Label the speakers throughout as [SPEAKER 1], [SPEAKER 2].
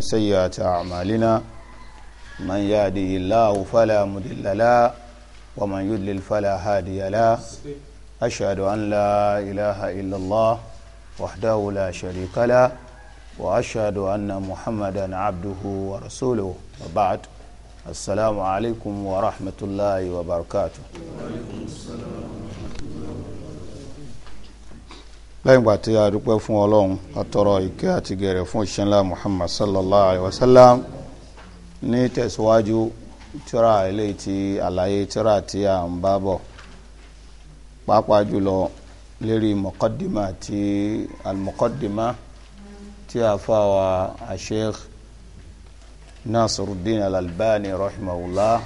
[SPEAKER 1] من سيئات أعمالنا من يهده الله فلا مضل له ومن يضلل فلا هادي له أشهد أن لا إله إلا الله وحده لا شريك له وأشهد أن محمدا عبده ورسوله وبعد السلام عليكم ورحمة الله وبركاته وعليكم السلام ورحمة الله lẹ́yìn ìgbà tí a dúpẹ́ fún ọlọ́run àtọrọ ìkẹ́ àti gẹ̀rẹ̀ fún ìṣẹ́nlá muhammad sallallahu alayhi wa sallam ní tẹ̀síwájú tíra eléyìí ti àlàyé tíra tí a ń bá bọ̀ pàápàá jùlọ lérí mọ̀kọ́dìmá ti al-mọ̀kọ́dìmá tí a fà wá sheikh nasiruddin al-albani rahimahullah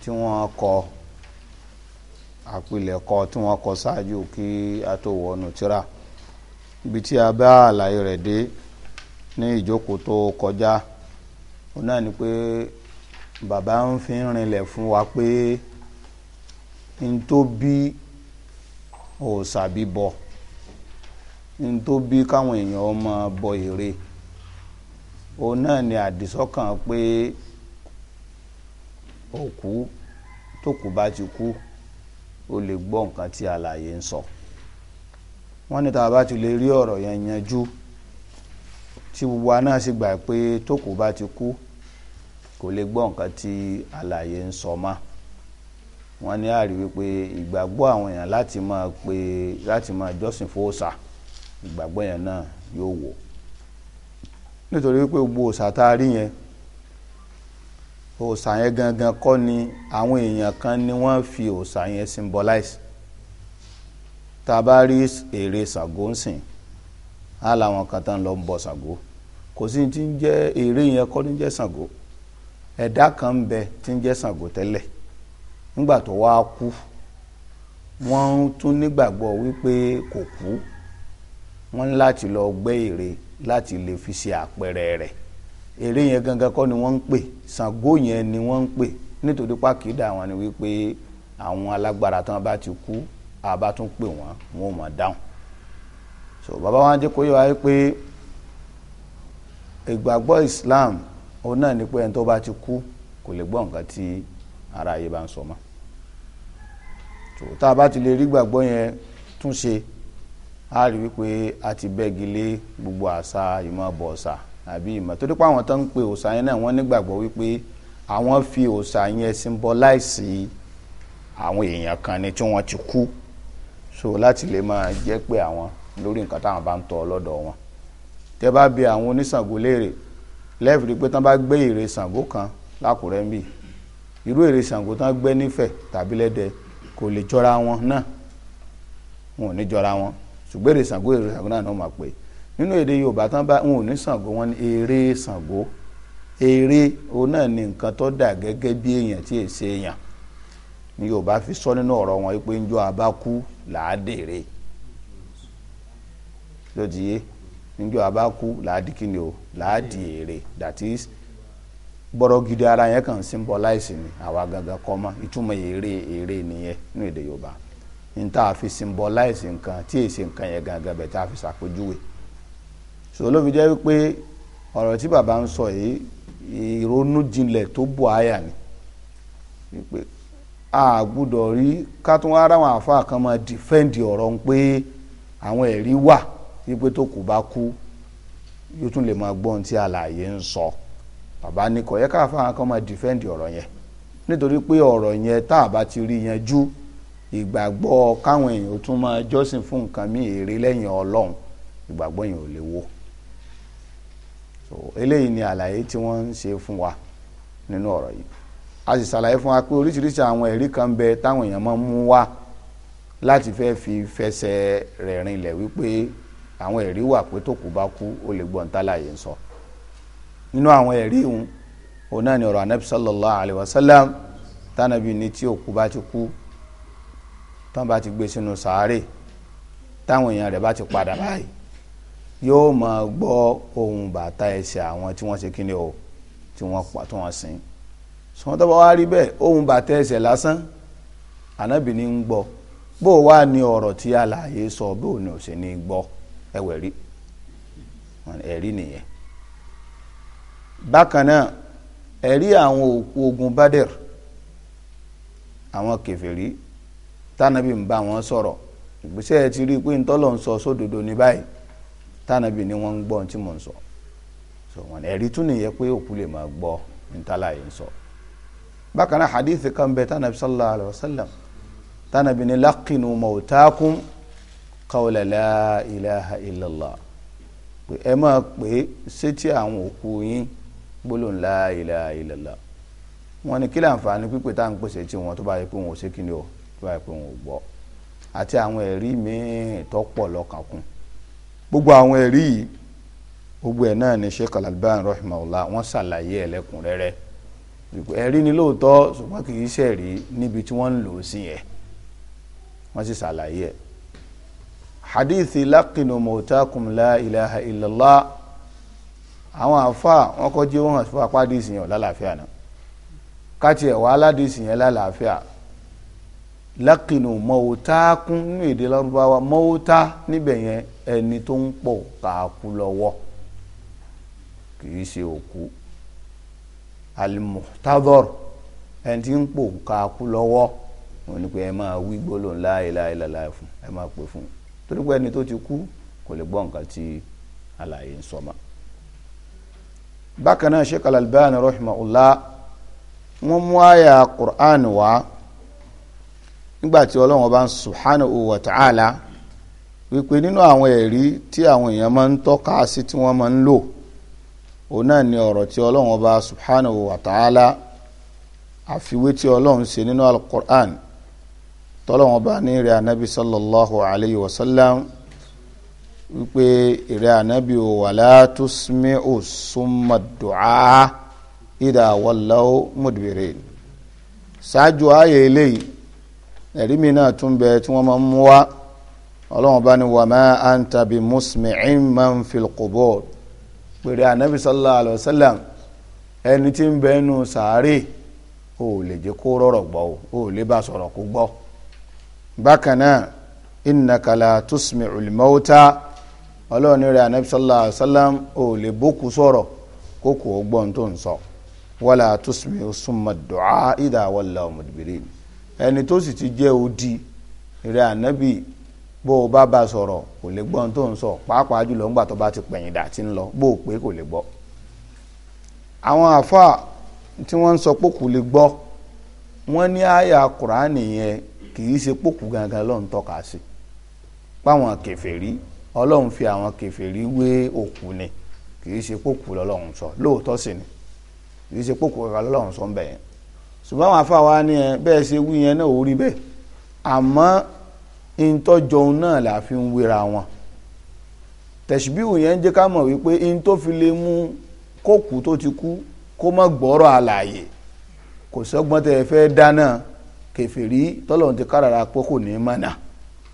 [SPEAKER 1] tí wọ́n kọ́ àpilẹ̀kọ tí wọ́n kọ ṣáájú kí a tó wọnú tírà ibi tí a bá àlàyé rẹ̀ dé ní ìjókòó tó kọjá òun náà ni pé bàbá ń fi rinlẹ̀ fún wa pé n tó bí òòṣà bíbọ n tó bí káwọn èèyàn máa bọ èrè òun náà ni àdìsọ́kàn pé òkú tó kù bá ti kú. Oku, ó lè gbọ́ nǹkan tí alàyè ń sọ wọ́n ní tá a bá ti lè rí ọ̀rọ̀ yẹn yanjú tí gbogbo wa náà sì gbà pé tókù bá ti kú kò lè gbọ́ nǹkan tí alàyè ń sọ mọ́ wọ́n ní àrí wípé ìgbàgbọ́ àwọn èèyàn láti máa pe láti máa jọ́sìn fòòṣà ìgbàgbọ́ yẹn náà yóò wò nítorí wípé gbogbo òòṣà tá a rí yẹn òòsà yẹn gangan kọ́ ni àwọn èèyàn kan ni wọ́n fi òòsà yẹn symbolize tá a bá rí ère Ṣàngó ń sìn á làwọn kan tán lọ ń bọ Ṣàngó kò sí ti ń jẹ́ ère yẹn kọ́ ní jẹ́ Ṣàngó ẹ̀dá kan ń bẹ tí ń jẹ́ Ṣàngó tẹ́lẹ̀ nígbà tó wá kú wọ́n tún nígbàgbọ́ wípé kò kú wọ́n láti lọ gbẹ́ ère láti lè fi ṣe àpẹẹrẹ rẹ̀ ère yẹn gangan kọ́ ni wọ́n ń pè Ṣàngó yẹn ni wọ́n ń pè nítorí pàkídà wọn ni wípé àwọn alágbára tán bá ti kú àbá tún pè wọ́n wọn mọ̀ dáhùn so bàbá wa jẹ́ kó yé wa pé ìgbàgbọ́ Islam òun náà ni pé ẹni tó bá ti kú kò lè gbọ́ nǹkan tí ara yìí bá ń sọ mọ́ so tá a bá ti lè rí gbàgbọ́ yẹn tún ṣe a rí wípé a ti bẹ́gi lé gbogbo àṣà ìmọ̀ bọ̀ọ̀sà àbí ìmọ̀ torí pé àwọn tó ń pe òòṣà yẹn náà wọ́n nígbàgbọ́ wípé àwọn fi òòṣà yẹn symbolize àwọn èèyàn kan ni tí wọ́n ti kú so láti lè máa jẹ́ pé àwọn lórí nǹkan táwọn bá ń tọ́ lọ́dọ̀ wọn tẹ́ bá bi àwọn oníṣàngó léèrè lẹ́ẹ̀fì pé tán bá gbé ère ṣàngó kan lákùrẹ́ ń bì irú ère ṣàngó tán gbé nífẹ̀ẹ́ tàbí lẹ́dẹ̀ kò lè jọra wọn náà wọn ò ní jọra wọn ṣùgbọ́n ère ṣàngó ère ṣàngó náà ni wọ́n máa pè é nínú èdè yorùbá tán bá wọn ò ní ṣàngó wọn ní eré ṣàngó eré òun náà ni nǹkan tó dà gẹ́gẹ́ bí èèyàn tí è ṣe èèyàn ni yorùbá fi sọ nínú ọ̀rọ̀ wọn pé njọ́ abákú làádèrè lójijì njọ́ abákú làádìkíni o làádìèrè that is gbọ́dọ̀ gidi ara yẹn kàn symbolize ni àwa gangan kọ́ mọ ìtumọ̀ eré eré nìyẹn nínú èdè yorùbá n ta fi symbolize nǹkan tí èsì nǹkan yẹn gangan bẹ̀ tá a fi ṣàpèjúwe. so ló fi jẹ́ wípé ọ̀rọ̀ tí bàbá ń sọ yìí ìrònú jinlẹ̀ tó bù àyà ni wípé a gbúdọ̀ rí ká tún ara àwọn àfa kan máa dìfẹ́ǹdì ọ̀rọ̀ ń pé àwọn ẹ̀rí wà wípé tó kù bá kú yóò tún lè máa gbọ́n tí àlàyé ń sọ bàbá ní kò yẹ ká àfa kan máa dìfẹ́ǹdì ọ̀rọ̀ yẹn nítorí pé ọ̀rọ̀ yẹn tá a bá ti rí yanjú ìgbàgbọ́ káwọn èèyàn tún máa jọ́sìn fún nǹkan mí èrè lẹ́yìn ọlọ́run ìgbàgbọ́ yẹn ò lè so eléyìí ni àlàyé tí wọ́n ń ṣe fún wa nínú ọ̀rọ̀ yìí a sì ṣàlàyé fún wa pé oríṣiríṣi àwọn ẹ̀rí kan bẹ táwọn èèyàn máa ń mú wá láti fẹ́ fi fẹsẹ̀ rẹ̀ rinlẹ̀ wípé àwọn ẹ̀rí wà pé tó kù bá kú ó lè gbọ́n tálàyé ń sọ nínú àwọn ẹ̀rí òun òun náà ni ọ̀rọ̀ anabi sallallahu alayhi wa sallam tánàbí ni tí òkú bá ti kú tán bá ti gbé sínú sàárè táwọn èèyàn rẹ̀ bá ti padà báyìí yóò máa gbọ́ ohun bàtà ẹsẹ̀ àwọn tí wọ́n ṣe kíni o tí wọ́n pa tí wọ́n sìn sọ́wọ́n tó bá wá rí bẹ́ẹ̀ ohun bàtà ẹsẹ̀ lásán ànábì ní ń gbọ́ bó wá ní ọ̀rọ̀ tí alààyè sọ bó ni ò sì ní gbọ́ ẹ̀wẹ̀ rí ẹ̀rí nìyẹn bákan náà ẹ̀rí àwọn òkú ogun Badr àwọn kèfèrí tánàbí ń bá wọn sọ̀rọ̀ ìgbésẹ̀ ti rí i pé ntọ́lọ́ ń sọ sódodo ní báyìí tànàbì ni wọ́n ń gbọ́ tí mò ń sọ so wọn ẹ̀rí tún nìyẹn pé òkú lè máa gbọ́ ntala yìí ń sọ bákan náà hadith kan bẹ tànàbì sallallahu alayhi wa sallam tànàbì ni lakinu mawtakum qawla la ilaha illallah pé ẹ máa pè é sétí àwọn òkú yín gbólóhùn la ilaha wọn ni kí láǹfààní pípé tá à ń pèsè tí wọn tó bá yẹ pé wọn ò ṣe kí ni o tó bá yẹ pé wọn ò gbọ́ àti àwọn ẹ̀rí míì tó pọ̀ lọ́kàn kún gbogbo àwọn ẹ̀rí yìí gbogbo ẹ̀ náà ni Sheikh Al-Albani rahimahullah wọ́n ṣàlàyé ẹlẹ́kùnrẹ́rẹ́ ẹ̀rí ni lóòótọ́ ṣùgbọ́n kì í ṣẹ̀rí níbi tí wọ́n ń lò sí yẹn wọ́n sì ṣàlàyé ẹ̀ hadithi laqinu mautakum la ilaha illallah àwọn àfa wọn kọ́ jẹ́ wọn fún apá àdìsí yẹn lálàáfíà náà káti ẹ̀ wá aládìsí yẹn lálàáfíà laqinu mautakum nínú èdè lárúbáwá mọ́wútá níbẹ̀ yẹn ẹni tó ń pọ̀ káàkú lọ́wọ́ kìí ṣe òkú alimuhtador ẹni tí ń pọ̀ káàkú lọ́wọ́ wọn ni pé ẹ máa wí gbólóhùn la ilaha illallah fún ẹ máa pè fún torí pé ẹni tó ti kú kò lè gbọ́ nǹkan tí àlàyé ń sọ mọ́ bákan náà sheikh al-albani rahimahullah mú àyà qur'an wá nígbà tí ọlọ́run ọba subhanahu wa ta'ala wípé nínú àwọn ẹ̀rí tí àwọn èèyàn máa ń tọ́ka sí tí wọ́n máa ń lò òun náà ni ọ̀rọ̀ tí ọlọ́run ọba subhanahu wa ta'ala àfiwé tí ọlọ́run ṣe nínú alukur'an tọ́lọ́run ọba ní ìrẹ́ ànábì sallallahu alayhi wa sallam wípé ìrẹ́ ànábì ò wala tusmi'u summa du'a idha wallaw mudbirin ṣáájú ààyè eléyìí ẹ̀rí mi náà tún bẹ tí wọ́n máa ń mú wá ọlọ́run bá ní wàmá anta bi musmi'in man fil qubur pèrè anabi sallallahu alayhi wa sallam ẹni tí ń bẹnu sàárè ò lè jẹ́ kó rọ̀rọ̀ gbọ́ ò lè bá sọ̀rọ̀ kó gbọ́ bákan náà innaka la tusmi'ul mauta ọlọ́run ní rẹ̀ anabi sallallahu alayhi wa sallam ò lè bókú sọ̀rọ̀ kó kò gbọ́n tó ń sọ wala tusmi'u summa du'a idha wallaw mudbirin ẹni tó sì ti jẹ́ odi rẹ̀ anabi bó o bá ba sọ̀rọ̀ kò lè gbọ́n tó ń sọ pàápàá jùlọ ńgbà tó bá ti pẹ̀yìn dà tí ń lọ bó o pé kò lè gbọ́. àwọn àfa tí wọ́n ń sọ pé kò lè gbọ́ wọ́n ní àyà kùránì yẹn kì í ṣe pòkù gangan ló tọ́ka sí páwọn kèfèrí ọlọ́run fi àwọn kèfèrí wé òkú ni kì í ṣe pòkù lọ́lọ́run sọ lóòótọ́ sì ni kì í ṣe pòkù gangan lọ́lọ́run sọ ń bẹ̀ ṣùgbọ́n àwọn àfa wa ni bẹ́ẹ̀ ṣe wí yẹn náà ò rí bẹ́ẹ̀ àmọ́ ìntọ́jọ òun náà là fi ń wéra wọn tẹ̀síbíù yẹn ń jẹ́ ká mọ̀ wípé in tó fi lè mú kókù tó ti kú kó má gbọ́rọ̀ àlàyé kò sọ́gbọ́n tẹ́ ẹ fẹ́ dáná kẹfìrí tọ́lọ́run ti kárara pé kò ní mọ̀nà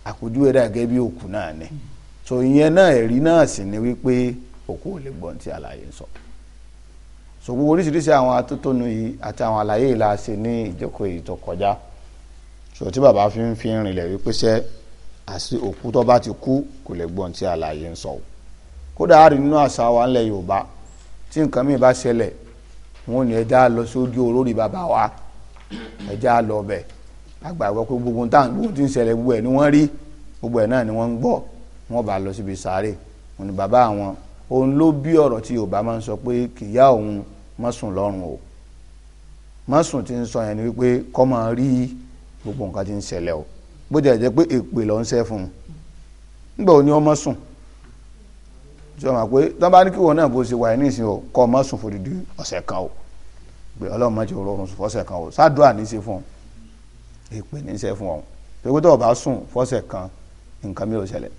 [SPEAKER 1] àpèjúwe dà gẹ́gẹ́ bí òkú náà ni so ìyẹn náà ẹ̀rí náà sì ni wípé òkú ò lè gbọ́n tí àlàyé sọ so gbogbo oríṣiríṣi àwọn atótónu yìí àti àwọn àlàyé ìlà ṣe ní ìjókòó yìí tó bàbá fi ń fi ń rìnlẹ̀ wípé sẹ́ẹ́ àti òkú tó bá ti kú kò lè gbọ́n tí àlàyé ń sọ kódà a rí nínú àṣà wa ńlẹ̀ yorùbá tí nǹkan mi bá ṣẹlẹ̀ wọn ò ní ẹja lọ sójú olórí bàbá wa ẹja lọ bẹ̀ àgbàgbọ́ pé gbogbo tá gbogbo tí ń ṣẹlẹ̀ gbogbo ẹ̀ ni wọ́n rí gbogbo ẹ̀ náà ni wọ́n ń gbọ́ wọ́n bá lọ síbi sáré wọn ni bàbá àwọn òun ló bí ọ̀rọ̀ tí yorùbá máa ń sọ pé kìyà òun má lọ́rùn o má sùn ń sọ yẹn ni wípé kọ́ rí gbogbo nǹkan tí ń ṣẹlẹ̀ o bó jẹ́ jẹ́ pé èpè lọ ń ṣe fún un nígbà wo ni ọmọ sùn sọ ma pé tán bá ní kí wọn náà bó ṣe wà ní ìsìn o kọ ọmọ sùn fòdìdí ọ̀sẹ̀ kan o pé ọlọ́run má jẹ́ oorun sùn fọ́sẹ̀ kan o sádùá ní í ṣe fún un èpè ní í ṣe fún ọ pé tó o bá sùn fọ́sẹ̀ kan nǹkan mi ò ṣẹlẹ̀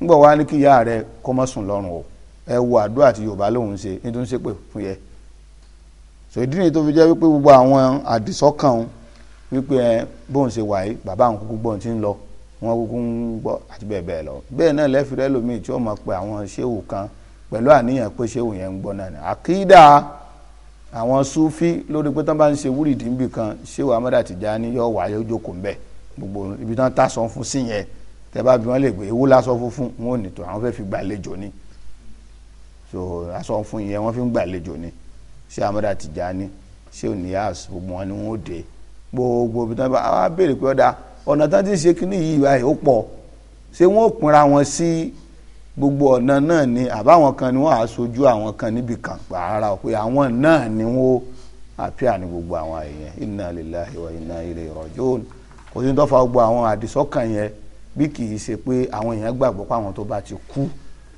[SPEAKER 1] nígbà a ní kí ìyá rẹ kọ́ mọ́ sùn lọ́rùn o ẹ wo àdúrà tí yorùbá lòun ṣe nítorí ṣépè fún yẹ so ìdí nìyí tó fi jẹ́ wípé gbogbo àwọn àdìsọ́kàn wípé ẹ bóun ṣe wà yìí bàbá àwọn kúkú gbóun ti ń lọ wọn kúkú ń gbọ́ àti bẹ́ẹ̀ bẹ́ẹ̀ lọ bẹ́ẹ̀ náà lẹ́fìrẹ́ lómii tí ó mọ̀ pé àwọn ṣéwù kan pẹ̀lú àníyàn pé ṣéwù yẹn ń gbọ́ náà ni àkídà àwọn sufi lórí pé tán bá ń ṣe wúrìdì níbì kan ṣéwù amádà Tìjání yóò wà yóò jókòó ń bẹ gbogbo ibi tán tá sọ fún sí yẹn tẹ bá bí wọn lè gbé ewu lásọ funfun ni so aṣọ fún yẹn wọn fi ń gbàlejò ni ṣé amádà Tìjání gbogbo ibi tán bá wá béèrè pé ọ̀dà ọ̀nà tán ti ṣe kíní yìí wáyé ó pọ̀ ṣé wọ́n ò pinra wọn sí gbogbo ọ̀nà náà ni àbáwọn kan ni wọ́n á sojú àwọn kan níbi kan pààrà pé àwọn náà ni wọ́n àpíà ní gbogbo àwọn èèyàn inna lillahi wa inna ilayhi rajiun kò sí ní tọ́fà gbogbo àwọn àdìsọ́kàn yẹn bí kì í ṣe pé àwọn èèyàn gbàgbọ́ pé àwọn tó bá ti kú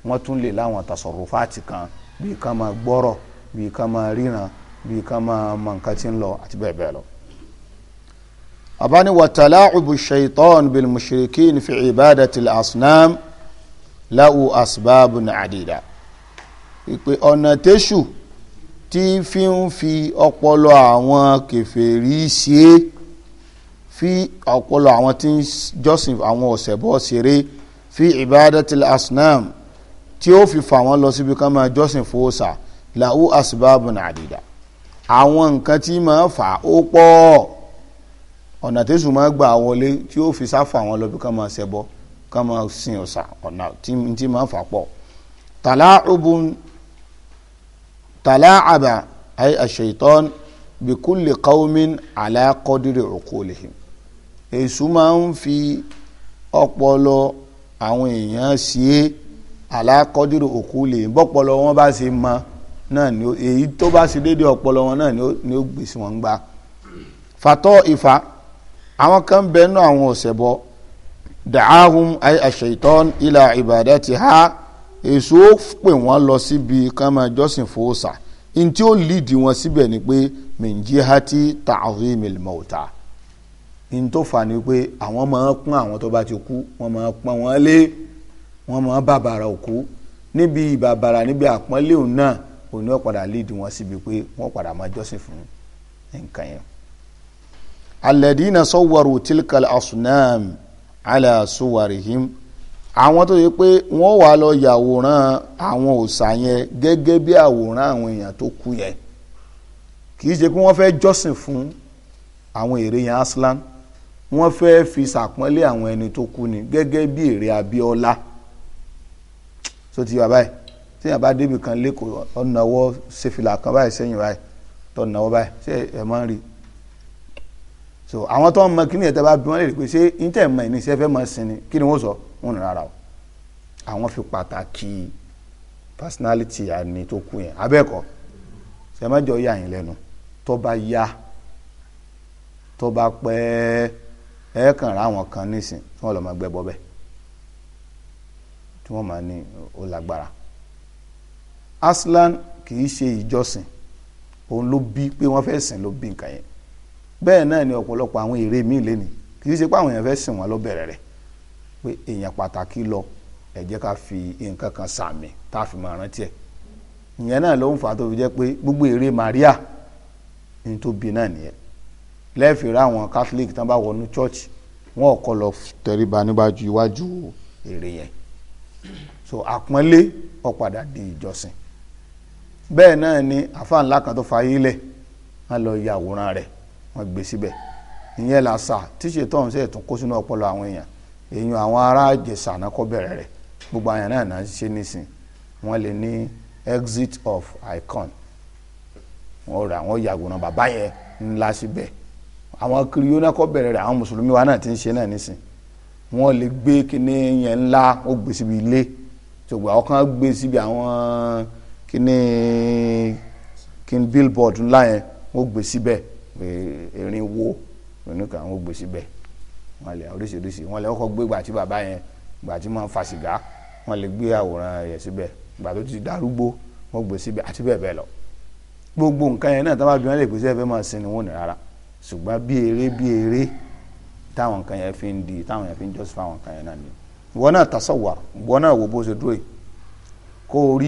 [SPEAKER 1] wọ́n tún lè láwọn tasọ̀rọ̀fáàtì kan bíi ká máa gbọ́rọ̀ bíi ká máa ríran bíi ká máa mọ nǹkan tí ń lọ àti bẹ́ẹ̀ bẹ́ẹ̀ lọ abani wa talaacubu shaitan bil mushrikin fi cibaadati asnam lahu asbaabu nacdida ìpè ọ̀nà tẹ́sù tí fi ń fi ọpọlọ àwọn kèfèrí ṣe fi ọpọlọ àwọn tí ń jọ́sìn àwọn ọ̀sẹ̀bọ ṣeré fi ibadati asnam tí ó fi fà wọ́n lọ síbi kan máa jọ́sìn fòòṣà lahu asbaabu nacdida àwọn nǹkan tí máa fà ó pọ̀ ọ́ ọ̀nà tẹ́sù máa gbà wọlé tí ó fi sáfà àwọn lọ́bí kan máa ṣẹbọ kan máa sin ọ̀sà ọ̀nà tí máa fà pọ̀ tàlàbùn tàlàbà ayé àṣeyìtọ́n bí kulli qawmin ala qadri uqulihim èṣù máa ń fi ọpọlọ àwọn èèyàn sí ala qadri bọ́pọlọ wọn bá ṣe mọ náà ni èyí tó bá ṣe déédéé ọpọlọ wọn náà ni ó gbèsè wọn gbà fatọ́ ìfà àwọn kan bẹ nínú àwọn òṣèbọ dàáhùn àṣeyìtọ́n ilà ìbàdàn ti ha èso pè wọ́n lọ síbi kan máa jọ́sìn fòòsà ní tí ó líìdì wọn síbẹ̀ ni pé mìjíhátì ta'zimil mauta ní tó fà ní pé àwọn máa ń pọ́n àwọn tó bá ti kú wọ́n máa ń pọ́n wọn lé wọ́n máa bàbàrà òkú níbi ìbàbàrà níbi àpọ́nlé òun náà òun náà padà líìdì wọn síbi pé wọ́n padà máa jọ́sìn fún nǹkan yẹn alẹ́dínà sọ́wọ́rù tilkal asunam aláṣùwàrìhìm àwọn tó yẹ pé wọ́n wà lọ yàwòrán àwọn òòṣà yẹn gẹ́gẹ́ bí àwòrán àwọn èèyàn tó kú yẹn kì í ṣe pé wọ́n fẹ́ jọ́sìn fún àwọn ère yẹn aslan wọ́n fẹ́ fi ṣàpọ́nlé àwọn ẹni tó kú ni gẹ́gẹ́ bí ère abíọ́lá tó ti yọ báyìí téèyàn bá débi kan lẹ́kọ̀ọ́ ọ̀nàwọ́ ṣèfìlà kan báyìí sẹ́yìn báyìí tọ̀nàwọ́ báyìí ṣé ẹ̀ máa ń rí i so àwọn tó ń mọ kíní ẹ̀tẹ́ bá bí wọ́n lè rí pé ṣé níta ẹ̀mọ ìní iṣẹ́ fẹ́ mọ sinmi kí ni wọ́n sọ wọn nù rárá o àwọn fi pàtàkì personality àní tó kù yẹn abẹ́ẹ̀kọ́ sẹ́mẹ́jọ yà yín lẹ́nu tó bá yá tó bá pẹ́ ẹ kàn rá àwọn kan nísìn tí wọ́n lọ́ọ́ máa gbẹ́ bọ́ bẹ́ẹ̀ tí wọ́n máa ní ó lágbára aslan kì í ṣe ìjọsìn òun ló bí pé wọ́n fẹ́ sìn ló bí nǹkan yẹn bẹ́ẹ̀ náà ni ọ̀pọ̀lọpọ̀ àwọn ère míì lé ní kì í ṣe pé àwọn èèyàn fẹ́ sìn wọ́n ló bẹ̀rẹ̀ rẹ̀ pé èèyàn pàtàkì lọ ẹ jẹ́ ká fi nǹkan kan sàmì tá a fi máa rántí ẹ̀ ìyẹn náà ló ń fà tó fi jẹ́ pé gbogbo ère Maria ní tó bí náà nìyẹn lẹ́ẹ̀fẹ̀rẹ̀ àwọn Catholic tán bá wọnú church wọn ò kọ́ lọ tẹríba níwájú iwájú ère yẹn so àpọ́nlé ó padà di ìjọsìn bẹ́ẹ̀ náà ni àfa ńlá kan tó fa yílẹ̀ á lọ yàwòrán rẹ̀ wọ́n gbé síbẹ̀ ìyẹn làṣà tíṣe tó ń ṣe ètò kó sínú ọpọlọ àwọn èèyàn èèyàn àwọn ará Ìjẹ̀ṣà náà kọ́ bẹ̀rẹ̀ rẹ̀ gbogbo àyàn náà náà ṣe nísìn wọ́n lè ní exit of icon wọ́n rà wọ́n yàgòrán bàbá yẹn ńlá síbẹ̀ àwọn kiri yóná kọ́ bẹ̀rẹ̀ rẹ̀ àwọn mùsùlùmí wa náà ti ń ṣe náà nísìn wọ́n lè gbé kíní yẹn ńlá ó gbé síbi ilé ṣùgbọ́n àwọn kan gbé síbi àwọn kíní kíní billboard ńlá yẹn ó gbé síbẹ̀ pé erin wo oníkan àwọn gbèsè bẹ̀ wọ́n lè oríṣiríṣi wọ́n lè kọ́kọ́ gbé gbà tí bàbá yẹn gbà tí máa ń fa sìgá wọ́n lè gbé àwòrán yẹn síbẹ̀ gbà tó ti darúgbó wọ́n gbé síbẹ̀ àti bẹ́ẹ̀ bẹ́ẹ̀ lọ gbogbo nǹkan yẹn náà tá bá bí wọ́n lè pèsè ẹ̀fẹ́ máa sin ni wọ́n ní rárá ṣùgbọ́n bí eré bí eré táwọn nǹkan yẹn fi ń di táwọn yẹn fi ń jọ́sìn fáwọn nǹkan yẹn náà ni wọn náà tasọ̀wà wọn náà wo bó ṣe dúró yìí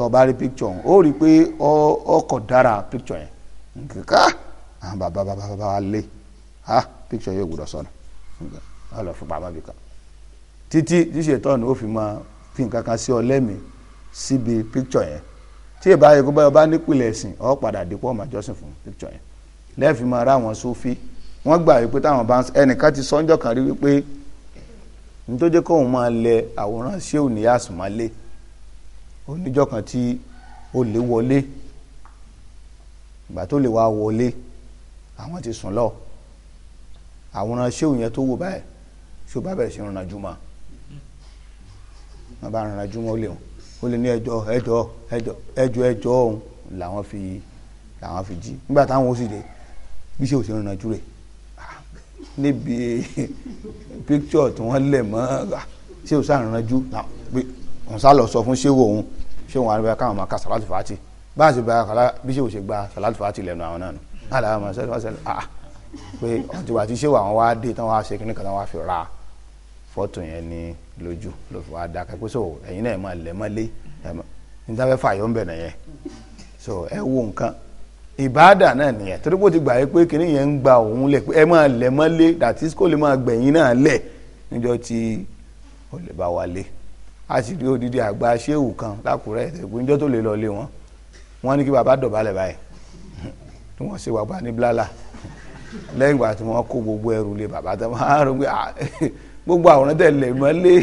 [SPEAKER 1] t'ọ bá rí picture ọ̀hún rí pé ọkọ̀ dára picture yẹn nǹkan ah bàbá bàbá bàbá wa lé ah picture yóò sọnù fún ó fi máa fi nǹkan kan sí ọ lẹ́mìí síbi yẹn tí ìbá ọ padà àjọsìn fún yẹn máa rá àwọn wọ́n gbà wípé táwọn bá ẹnìkan ti sọ́njọ́ kan rí wípé nítorí kóun máa lẹ àwòrán oníjọ́ kan tí olè wọlé ìgbà tó lè wá wọlé àwọn ti sùn lọ àwòrán ṣéwù yẹn tó wò báyìí ṣéwù bá bẹ̀rẹ̀ sí rìnrìn àjò mọ́ wọn bá rìnrìn àjò mọ́ ó lè wọn ó lè ní ẹjọ́ ẹjọ́ ẹjọ́ ẹjọ́ ẹjọ́ òun làwọn fi làwọn fi jí nígbà táwọn ó sì dé bí ṣéwù ṣe rìnrìn àjò rẹ̀ ah, níbi píkítsọ̀ tí wọ́n lẹ̀ mọ́ ṣéwù sáà rìnrìn àjò òun sá lọ sọ fún ṣéwù òun ṣé wọn àríwá káwọn máa ka salatu fati báà sì bá bí ṣé o ṣe gba salatu fati lẹ́nu àwọn náà nù aláwọ máa ṣẹlẹ̀ ṣẹlẹ̀ ah pé ọtìwà tí ṣé àwọn wá dé tán wá ṣe kíní kan tán wá fi ra fọ́tò yẹn ní lójú ló fi wá dákẹ́ pé so ẹ̀yin náà máa lẹ̀ mọ́lé ní táwọn fà yọ̀ ń bẹ̀ nìyẹn so ẹ wo nǹkan ìbáàdà náà nìyẹn torí pé ó ti gbà yẹ pé kíní yẹn ń gba òun lẹ̀ pé ẹ máa lẹ̀ mọ́lé dàtí kò lè máa gbẹ̀yìn náà lẹ̀ níjọ́ tí ó bá wa lé a sì rí odidi àgbà ṣéwù kan lákùrẹ́ ìpínjọ́ tó lè lọ lé wọn wọ́n ní kí bàbá dọ̀bálẹ̀ báyìí tí wọ́n ṣe bàbá ní blala lẹ́yìn ìgbà tí wọ́n kó gbogbo ẹrù lé bàbá tó máa ń rò pé ah, gbogbo àwòrán tẹ̀lé mọ́lé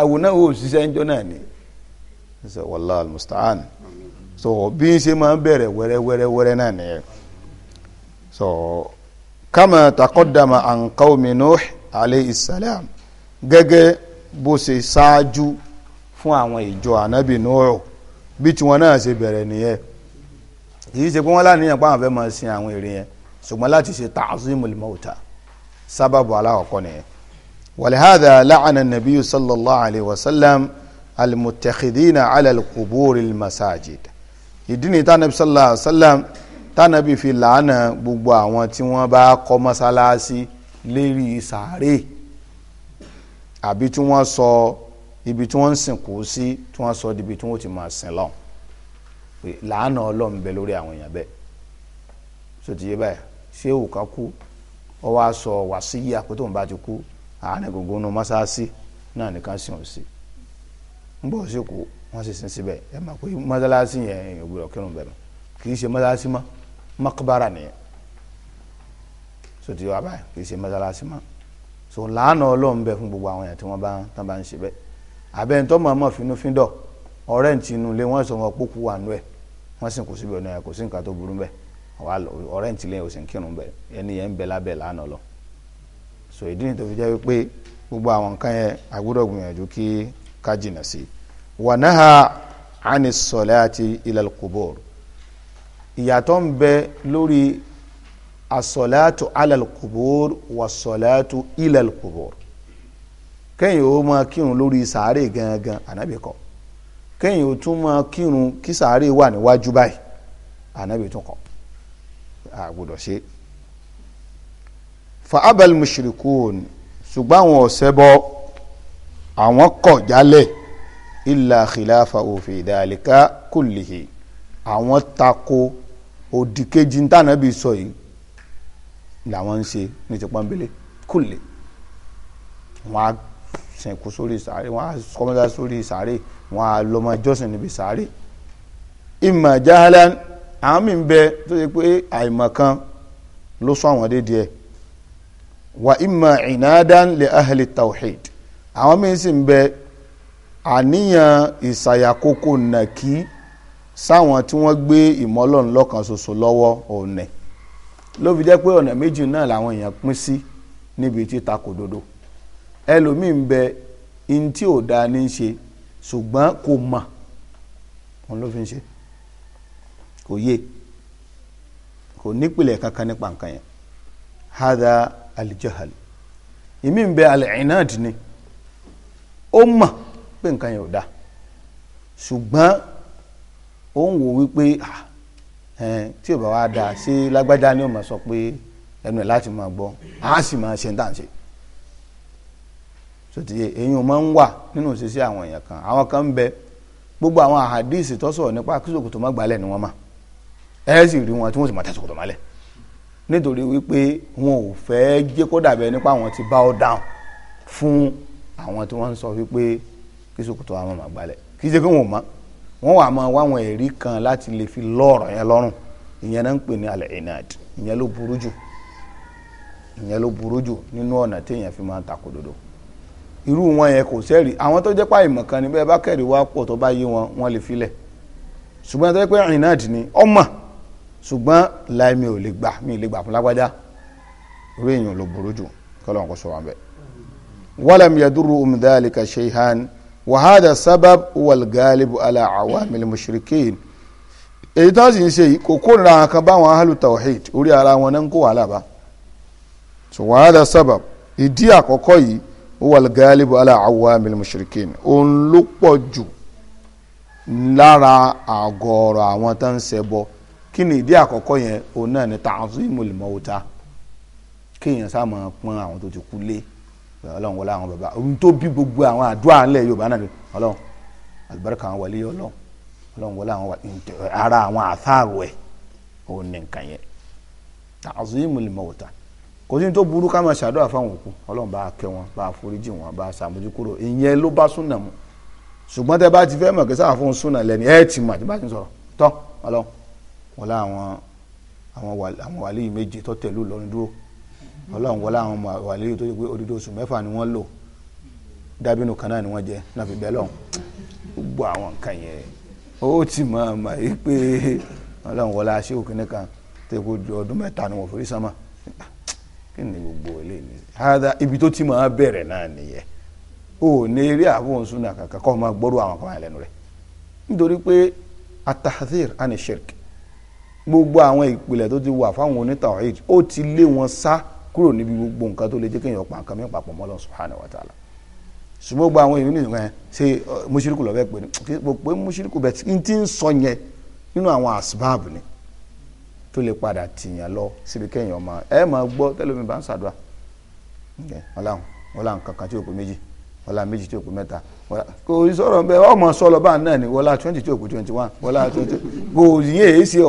[SPEAKER 1] àwòrán ò ṣiṣẹ́ ń náà ni ṣe wàllá almustaan so bí n ṣe máa ń bẹ̀rẹ̀ wẹ́rẹ́wẹ́rẹ́wẹ́rẹ́ náà nìyẹn so kama takodama an kawmi nuh alayhi salam gẹ́gẹ́ bó ṣe ṣáájú fún àwọn ìjọ ànábì nùrọ̀ bí tiwọn náà ṣe bẹ̀rẹ̀ nìyẹn kì í ṣe pé wọ́n láníyàn pé àwọn fẹ́ máa sin àwọn èrè yẹn ṣùgbọ́n láti ṣe ta'zimul mauta sábàbù aláwọ̀kọ́ nìyẹn. walihada la'ana nabiyu sallallahu alayhi wa sallam almutakhidina ala alquburi almasajid ìdí ni sallallahu alayhi wa sallam tánàbí fi làánà gbogbo àwọn tí wọ́n bá kọ́ mọ́sálásí lérí sàárè àbí tí wọ́n sọ ibi tí wọ́n ń sìnkú sí tí wọ́n sọ ibi tí wọ́n ti máa sìn lọ́hùn pé làánà ọlọ́run bẹ lórí àwọn èèyàn bẹ́ẹ̀ sotiye báyìí ṣéwù kan kú ọ wá sọ wàsíyà pé tóun bá ti kú àárín gbogbo nu mọ́sáàsì náà nìkan sì hàn sí ń bọ̀ sí kú wọ́n sì sin síbẹ̀ ẹ máa pé mọ́sálásí yẹn èèyàn kírun bẹ̀rù kì í ṣe mọ́sálásí mọ́ mọ́kàbára nìyẹn sotiye wà báyìí kì í ṣe mọ́sálásí mọ́ so làánà ọlọ́run bẹ fún gbogbo àwọn èèyàn tí wọ́n bá tán bá ń ṣe bẹ́ẹ̀ àbẹ́ ń tọ́mọ̀ ọmọ finúfíndọ̀ ọ̀rẹ́ ń tinú lé wọ́n sọ wọn pókú wà nú ẹ̀ wọ́n sì kò síbi ọ̀nà ẹ̀ kò sí nǹkan tó burú bẹ́ẹ̀ ọ̀rẹ́ ń tilẹ̀ ò sì ń kírun bẹ́ẹ̀ ẹni yẹn ń bẹ lábẹ́ làánà lọ so ìdí ni tó fi jẹ́ wípé gbogbo àwọn nǹkan yẹn àgbọ́dọ̀ gbìyànjú kí ká jìnà sí wànáhà ànisọ̀lẹ́ àti ilal qubur ìyàtọ̀ ń bẹ lórí asọ̀láàtù alàlùkùbòr wàsọ̀láàtù ilàlùkùbòr kẹ́yìn ó máa kírun lórí sàárè gangan ànábì kọ́ kẹ́yìn ó tún máa kírun kí sàárè wà níwájú báyìí ànábì tún kọ́ àgbọ́dọ̀ ṣe. fa abal mushrikun ṣùgbọ́n àwọn ọ̀sẹ̀ bọ́ àwọn kọ̀ jálẹ̀ illa khilafa fi dhalika kullihi àwọn tako òdìkejì ntànàbì sọ yìí làwọn ń ṣe ní ti pọ́nbélé kùlé wọ́n á sìnkú sórí sàárè wọ́n á kọ́mọ́tà sórí sàárè wọ́n á lọ́mọ ìjọsìn níbi sàárè ìmọ̀ jahalan àwọn mí bẹ tó ṣe pé àìmọ̀ kan ló sọ àwọn dédé ẹ̀ wà ìmọ̀ ìnáadán lè ahli tawhid àwọn mí sì ń bẹ àníyàn ìsàyàkókò nàkí sáwọn tí wọ́n gbé ìmọ̀lọ́nlọ́kan ṣoṣo lọ́wọ́ òun nẹ̀ ló fi jẹ́ pé ọ̀nà méjì náà làwọn èèyàn pín sí níbi tí takò dodo ẹlòmíì ń bẹ in tí ò da ní ṣe ṣùgbọ́n kò mọ̀ òun ló fi ń ṣe kò yé kò nípìlẹ̀ kankan nípa nǹkan yẹn hada alijahal ìmí ń bẹ alẹ́ẹ̀nàd ni ó mọ̀ pé nǹkan yẹn ò da ṣùgbọ́n ó ń wò wípé ah tí ò bá wá dáa ṣé lágbájá ni ó máa sọ pé ẹnu ẹ̀ láti máa gbọ́ á sì máa ṣe ń tà ń ṣe sòtìyẹ èyàn máa ń wà nínú òṣìṣẹ́ àwọn èèyàn kan àwọn kan ń bẹ gbogbo àwọn àhàdíìsì tó sọ̀rọ̀ nípa akíṣòkòtò má gbalẹ̀ ni wọ́n mà ẹ sì rí wọn tí wọ́n sì máa tẹ̀ ṣòkòtò mọ́lẹ̀ nítorí wípé wọn ò fẹ́ jẹ́ kó dàbẹ̀ nípa àwọn ti bow down fún àwọn tí wọ́n ń sọ wípé kíṣòkòtò àwọn má gbalẹ̀ kí ṣe kí wọn mọ̀ wọ́n wà máa wá àwọn ẹ̀rí kan láti lè fi lọ́ọ̀rọ̀ yẹn lọ́rùn ìyẹn náà ń pè ní alẹ́ inad ìyẹn ló burú jù ìyẹn ló burú jù nínú ọ̀nà téèyàn fi máa ń takò dodo irú wọn yẹn kò sẹ́rì àwọn tó jẹ́ pé àìmọ̀ kan ni bẹ́ẹ̀ bá kẹ́rì wá pọ̀ tó bá yé wọn wọ́n lè filẹ̀ ṣùgbọ́n tó jẹ́ pé inad ni ọmọ ṣùgbọ́n láì mi ò lè gbà mi ò lè gbà fún lágbájá orí èèyàn ló burú jù kọ́lọ́n wàhádà sábàb wàlgálíbù aláàwà mílíọ̀mùsírìkìn èyí tó sì ń ṣe yìí kò kórìíra àwọn kan báwọn ahlu tawhid orí ara wọn náà ń kó wàhálà bá so wàhádà sábàb ìdí àkọ́kọ́ yìí wàlgálíbù aláàwà mílíọ̀mùsírìkìn òun ló pọ̀ jù lára àgọ́ọ̀rọ̀ àwọn tó ń ṣẹbọ kí ni ìdí àkọ́kọ́ yẹn òun náà ni ta'zimul mauta kéèyàn sá máa pọ́n àwọn tó ti kú lé ọlọ́run wọlé àwọn bàbá ohun tó bí gbogbo àwọn àdúrà ńlẹ̀ yorùbá náà ni ọlọ́run àlùbáríkà àwọn wàlíyé ọlọ́run ọlọ́run wọlé àwọn ara àwọn àtàrò ẹ̀ òun ní nǹkan yẹn ta'zimul mawta kò sí tó burú ká máa ṣàdúrà fáwọn òkú ọlọ́run bá kẹ́ wọn bá foríjì wọn bá ṣàmójú kúrò ìyẹn ló bá súnà mu ṣùgbọ́n tẹ bá ti fẹ́ mọ̀ kí sáà fún súnà lẹ́ni ẹ̀ ti mọ̀ bá ti sọ̀rọ̀ tán ọlọ́run wọlé àwọn àwọn wàlíyé méje tó tẹ̀lú lọ́rin dúró ọlọ́run wọlé àwọn wàlíyù tó yẹ pé odidi oṣù mẹ́fà ni wọ́n lò dábìnú kan náà ni wọ́n jẹ náà fi bẹ́ẹ̀ lọ́hùn gbogbo àwọn nǹkan yẹn ó ti máa mà yí pé ọlọ́run wọlé aṣíwò kínní kan tó yẹ kó ju ọdún mẹ́ta ni wọ́n forí sánmà kí ni gbogbo eléyìí hádà ibi tó ti máa bẹ̀rẹ̀ náà nìyẹn ò ní eré àbóhùn súnà kankan kọ́ máa gbọ́rọ̀ àwọn kan lẹ́nu rẹ̀ nítorí pé atahazir anishirk gbogbo àwọn ìpìlẹ̀ tó ti wà fáwọn onítàwọ̀ yìí ó ti lé wọn sá kúrò níbi gbogbo nǹkan tó lè jẹ́ kéèyàn pa nǹkan mí papọ̀ mọ́ Ọlọ́run subhanahu wa ta'ala ṣùgbọ́n gba àwọn èèyàn nìyẹn kan ṣe mọ́ṣíríkù lọ́bẹ̀ pé mo pé mọ́ṣíríkù bẹ̀ tí n ti ń sọ yẹn nínú àwọn àsìbáàbù ni tó lè padà tìyàn lọ síbi kéèyàn ọmọ ẹ máa gbọ́ tẹ́lẹ̀mí bá ń ṣàdúrà ọ̀làwọn ọ̀làwọn kankan tí o pé méjì wọlá méjì tí o kù mẹ́ta kò sọ̀rọ̀ bẹ́ẹ̀ ọmọ sọlọ twenty tí o twenty one wọlá twenty kò yín èyí e ṣe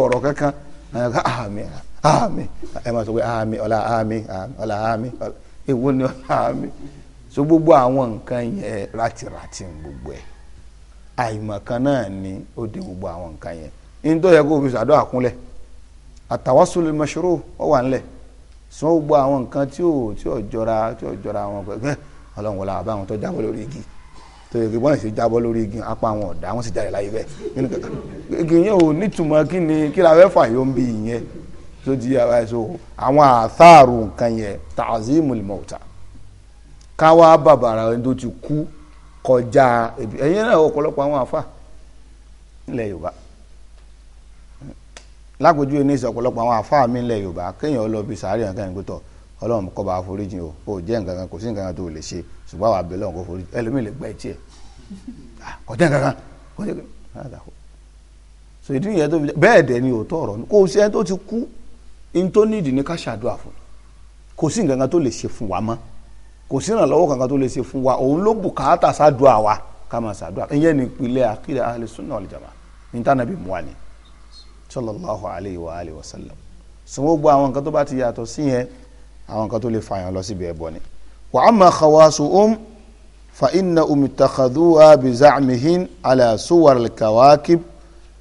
[SPEAKER 1] àmì àmì ẹ máa sọ pé àmì ọ̀la àmì ọ̀la àmì èwo ni ọ̀la àmì so gbogbo àwọn nǹkan yẹn rátìrátì gbogbo ẹ̀ àìmọ̀kan náà ni ó di gbogbo àwọn nǹkan yẹn nítorí yẹ kó o fi sàdó àkúnlẹ̀ àtàwọ́sọ̀lẹ̀ mọ̀ṣọ́rọ̀ ọ wà ńlẹ̀ sọ gbogbo àwọn nǹkan tí ò tí ò jọra tí ò jọra àwọn ọ̀gbẹ́ ọlọ́run wọlé àbáwọn tó jábọ̀ lórí igi tó yẹ kí wọ́n ṣe jábọ́ lórí igi apá àwọn ọ̀dà wọ́n sì jáde láyé bẹ́ẹ̀ nínú kankan igi yẹn ò nítumọ̀ kí ni kí la fẹ́ fà yóò ń bí ìyẹn tó di àwọn àtàrù nǹkan yẹn ta'zimul mauta káwá bàbàrà ẹni tó ti kú kọjá ẹ̀yìn náà ọ̀pọ̀lọpọ̀ àwọn àfà nílẹ̀ yorùbá lágbójú ẹni ìsọ̀pọ̀lọpọ̀ àwọn àfà mi nílẹ̀ yorùbá kéèyàn lọ bí sàárè nǹkan ìgbótọ̀ ọlọ́run kó bá foríjì o ò jẹ́ nǹkan kan kò sí nǹkan kan tó lè ṣe ṣùgbọ́n àwọn abẹ́lẹ́ ọ̀hún kò foríjì ẹlòmíì lè gbẹ́ tiẹ̀ ah, kò jẹ́ nǹkan kan kò jẹ́ nǹkan kan so ìdí yẹn tó fi bẹ́ẹ̀ dẹ̀ ni òótọ́ ọ̀rọ̀ kò sí ẹni tó ti kú in tó nídìí ni ká ṣàdúrà fún kò sí nǹkan kan tó lè ṣe fún wa mọ́ kò sí ìrànlọ́wọ́ kankan tó lè ṣe fún wa òun ló bùkátà ṣàdúrà wa ká alayhi wa wa sallam sọ wọ́n gbọ́ àwọn nǹkan tó bá ti yàtọ̀ sí yẹn àwọn nǹkan tó lè fa àyàn lọ síbi ẹbọ ni wa amma um fa innahum ittakhadhuha bi za'mihin ala suwar al-kawakib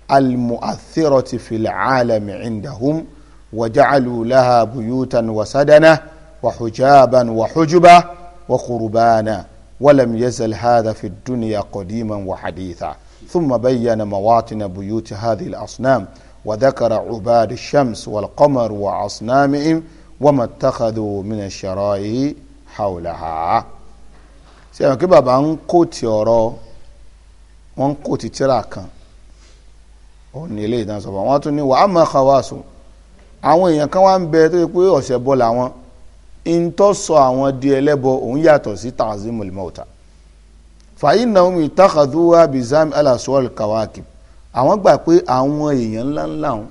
[SPEAKER 1] al-mu'aththirati fil 'alami 'indahum wa ja'alu laha buyutan wa sadana wa hujaban wa hujuba wa qurbana ولم يزل هذا في الدنيا قديما وحديثا ثم بين مواطن بيوت هذه الأصنام وذكر عباد الشمس والقمر وأصنامهم wama takhadhu min ash-shara'i hawlaha ṣe àwọn kí baba ń kó ti ọ̀rọ̀ wọn ń kó ti tíra kan òun ní ilé ìdáná sọ̀rọ̀ wọn tún ní wa amma khawasu àwọn èèyàn kan wá ń bẹ tó yẹ pé ọ̀sẹ̀ bọ́ làwọn ń tọ́ sọ àwọn di ẹlẹ́bọ òun yàtọ̀ sí ta'zimul mauta fa'innahum ittakhadhuha bizam alasuwal kawakib àwọn gbà pé àwọn èèyàn ńláńlá wọn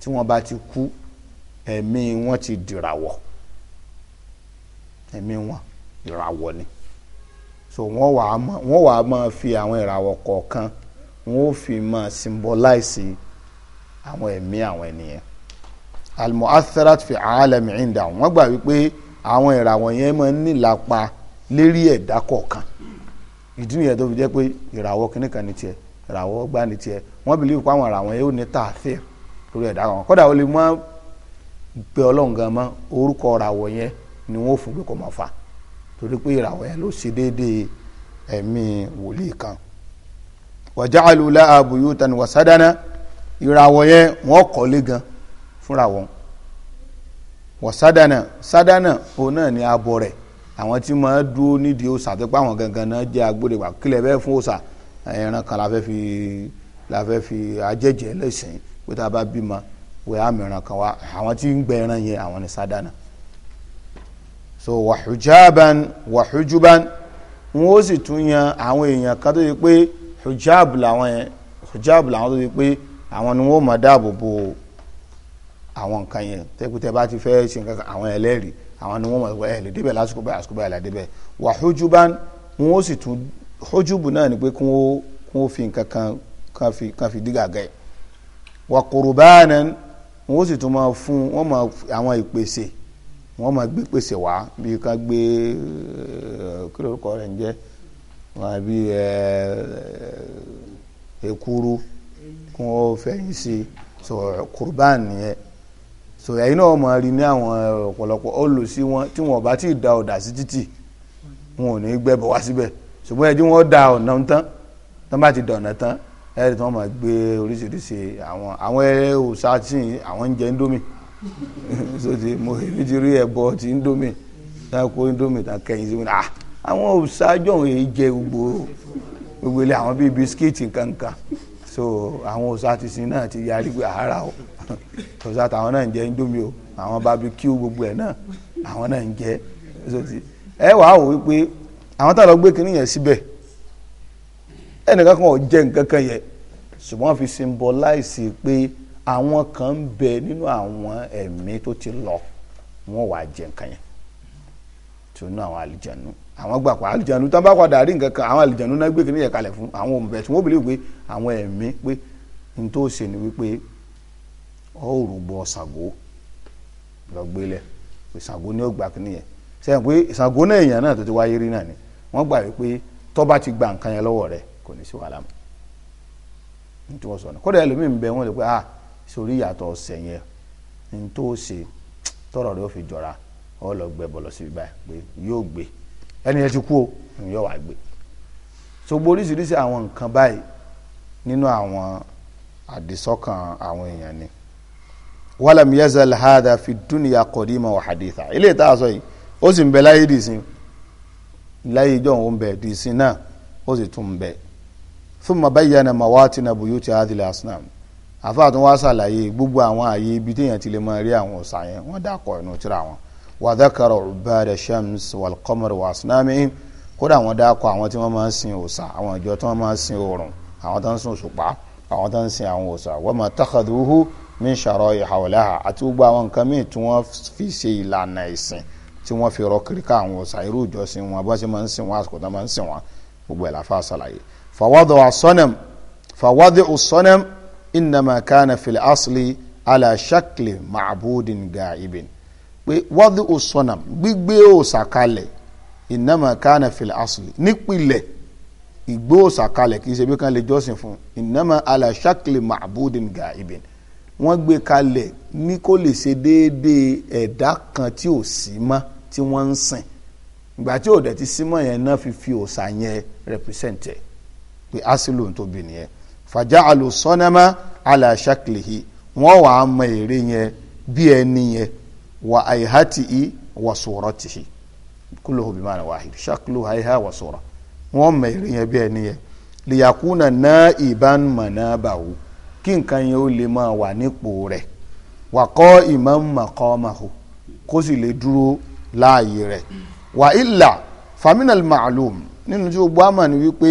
[SPEAKER 1] tí wọ́n bá ti kú ẹ̀mí wọn ti dìràwọ̀ ẹ̀mí wọn ìràwọ̀ ni so wọ́n wàá mọ wọ́n wàá mọ fi àwọn ìràwọ̀ kọ̀ọ̀kan wọ́n ó fi mọ symbolize àwọn ẹ̀mí àwọn ènìyàn almu'atharat fi alami inda wọ́n gbà wípé àwọn ìràwọ̀ yẹn máa ń nílapa lérí ẹ̀dá kọ̀ọ̀kan ìdí nìyẹn tó fi jẹ́ pé ìràwọ̀ kìnnìkan ní tiẹ̀ ìràwọ̀ gbá ní tiẹ̀ wọ́n bìlíwì pé àwọn ìràwọ̀ yẹn ó ní tààfíà lórí ẹ̀dá kọ̀ọ̀kan kódà ó lè mú pé ọlọ́run gan mọ́ orúkọ ìràwọ̀ yẹn ni wọ́n fún pé kò mọ̀ fà torí pé ìràwọ̀ yẹn ló ṣe déédéé ẹ̀mí wòlíì kan wa ja'alu laha buyutan wa ìràwọ̀ yẹn wọ́n kọ́lé gan fúnra wọn wa sadana òun náà ni abọ́ rẹ̀ àwọn tí máa dúró nídìí òòṣà tó pa àwọn gangan náà jẹ́ agbódegbà kílẹ̀ bẹ́ẹ̀ fún òòṣà ẹran kan la fẹ́ fi la fẹ́ fi ajẹ́jẹ́ lẹ́sìn pé tá a bá bímọ wẹ́ àmìràn kan wá àwọn tí ń gbẹ ẹran yẹn àwọn ni sádánà so wàhùjábán wàhùjúbán wọn ó sì tún yan àwọn èèyàn kan tó yẹ pé hujab làwọn yẹn hujab làwọn tó yẹ pé àwọn ni wọn ò máa dáàbò bo àwọn nǹkan yẹn tẹkùtẹ bá ti fẹ́ ṣe nǹkan kan àwọn ẹlẹ́rìí àwọn ni wọn mọ ẹ lè débẹ̀ lásìkò báyìí àsìkò báyìí àlàdé bẹ́ẹ̀ wà ó sì tún hójúbù náà ni pé kún ó kún ó fi nǹkan kan fi dígàgẹ wà wọn ó sì tún máa fún wọn máa àwọn ìpèsè wọn máa gbé pèsè wá bí ká gbé eh, kí lórúkọ rẹ̀ ń jẹ́ wọn àbí eh, eh, èkuru kí wọn fẹ̀yìn sí so kurban nìyẹn so ẹ̀yin náà máa rí ní àwọn ọ̀pọ̀lọpọ̀ olùsí wọn tí wọn bá ti da ọ̀dà sí títì wọn ò ní gbẹ́bọ̀ wá síbẹ̀ ṣùgbọ́n ẹjú wọn da ọ̀nà tán tán bá ti dọ̀nà tán ẹ̀rí tí wọn máa gbé oríṣiríṣi àwọn àwọn ẹ̀rẹ́ òòṣà tí àwọn ń jẹ so ti mo èmi ti rí ẹ̀bọ ti ndomi táwọn kó indomie tán sí mi ah àwọn òòṣà jọ̀hún èyí jẹ gbogbo gbogbo ilé àwọn bíi bisikíìtì kankan so àwọn òòṣà ti sin náà ti yarí pé àárà o òòṣà táwọn náà ń jẹ ndomi o àwọn barbecue gbogbo ẹ̀ náà àwọn náà ń jẹ ẹ wàá wò wípé àwọn táwọn lọ gbé yẹn síbẹ̀ ẹnìkan kan ò jẹ nǹkan kan yẹ ṣùgbọ́n fi symbolize pé àwọn kan ń bẹ nínú àwọn ẹ̀mí tó ti lọ wọn wà jẹ nǹkan yẹn tó ná àwọn àlìjànú àwọn gbà pa àlìjànú tán bá padà rí nǹkan kan àwọn àlìjànú náà gbé kí ní yẹ kalẹ̀ fún àwọn òmùbẹ̀ tí wọ́n bìlí pé àwọn ẹ̀mí pé n tó ṣe ni wípé ọ̀rùbọ̀ ṣàgó lọ́gbélẹ̀ pé ṣàgó ni ó gbà kí ní yẹn sẹ́yìn pé ṣàgó náà èèyàn náà tó ti wáyé rí náà ni wọ́n gbà wípé tó bá ti gba nǹkan yẹn lọ́wọ́ rẹ̀ kò ní sí wàhálà mọ́ nítorí wọ́n sọ náà kódà ẹlòmíì ń bẹ wọ́n lè pé ah sórí ìyàtọ̀ ọ̀sẹ̀ yẹn ní tó ṣe tọrọ rẹ ó fi jọra ọ lọ gbẹ bọ̀ lọ síbi báyìí pé yóò gbé ẹni yẹn ti kú o yóò wá gbé sogbo oríṣiríṣi àwọn nǹkan báyìí nínú àwọn àdìsọ́kàn àwọn èèyàn ni wàlám yazal hada fi dúnìyà kọ̀dímà wà haditha ilé ìta àṣọ yìí ó sì ń bẹ láyé dìísìn láyé ìjọ òun bẹ dìísìn náà ó sì tún ń bẹ thumma bayyana mawatina buyuti hadhil asnam àfáà tó wá sàlàyé gbogbo àwọn àyè ibi téèyàn ti lè máa rí àwọn ọ̀sà yẹn wọ́n dàkọ̀ inú tíra wọn wa dhakara ubada shams wal qamar wa asnamihim kódà wọ́n dàkọ̀ àwọn tí wọ́n máa ń sin ọ̀sà àwọn ìjọ tí wọ́n máa ń sin oòrùn àwọn tó ń sin òṣùpá àwọn tó ń sin àwọn ọ̀sà wa ma takhaduhu min shara'iha walaha àti gbogbo àwọn nǹkan míì tí wọ́n fi ṣe ìlànà ìsìn tí wọ́n fi rọ kiri ká àwọn ọ̀sà irú ìjọsìn wọn bá ṣe máa فوضع صنم فوضع الصنم إنما كان في الأصل على شكل معبود غائب وضع الصنم gbígbé òòṣà إنما كان في الأصل nípìlẹ̀ ìgbé òòṣà kalẹ̀ kì í ṣe bí kan lè jọ́sìn fún إنما على شكل معبود غائب wọ́n gbé kalẹ̀ ní kó lè ṣe déédéé ẹ̀dá kan tí ò sí mọ́ tí wọ́n ń sìn ìgbà tí ò dẹ̀ ti sí mọ́ yẹn náà fi fi òòṣà yẹn represent pé asilu tó bí nìyẹn fàjà àlò sọnẹmà aláṣàkìlìhì wọn wà á mọ ère yẹn bí ẹni yẹn wà àyíhàtì í wà sọ̀rọ̀ tìhì kúlò òbí máa ní wàhíì ṣàkìlò àyíhà wà sọ̀rọ̀ wọn mọ ère yẹn bí ẹni yẹn lìyàkúnà náà ìbán mọ̀nà bàwò kí nǹkan yẹn ó lè máa wà nípò rẹ̀ wà kọ́ ìmọ̀ mọ̀kọ́ màhò kó sì lè dúró láàyè rẹ̀ wà ìlà faminal ma'lum nínú tí gbogbo àmà ni wípé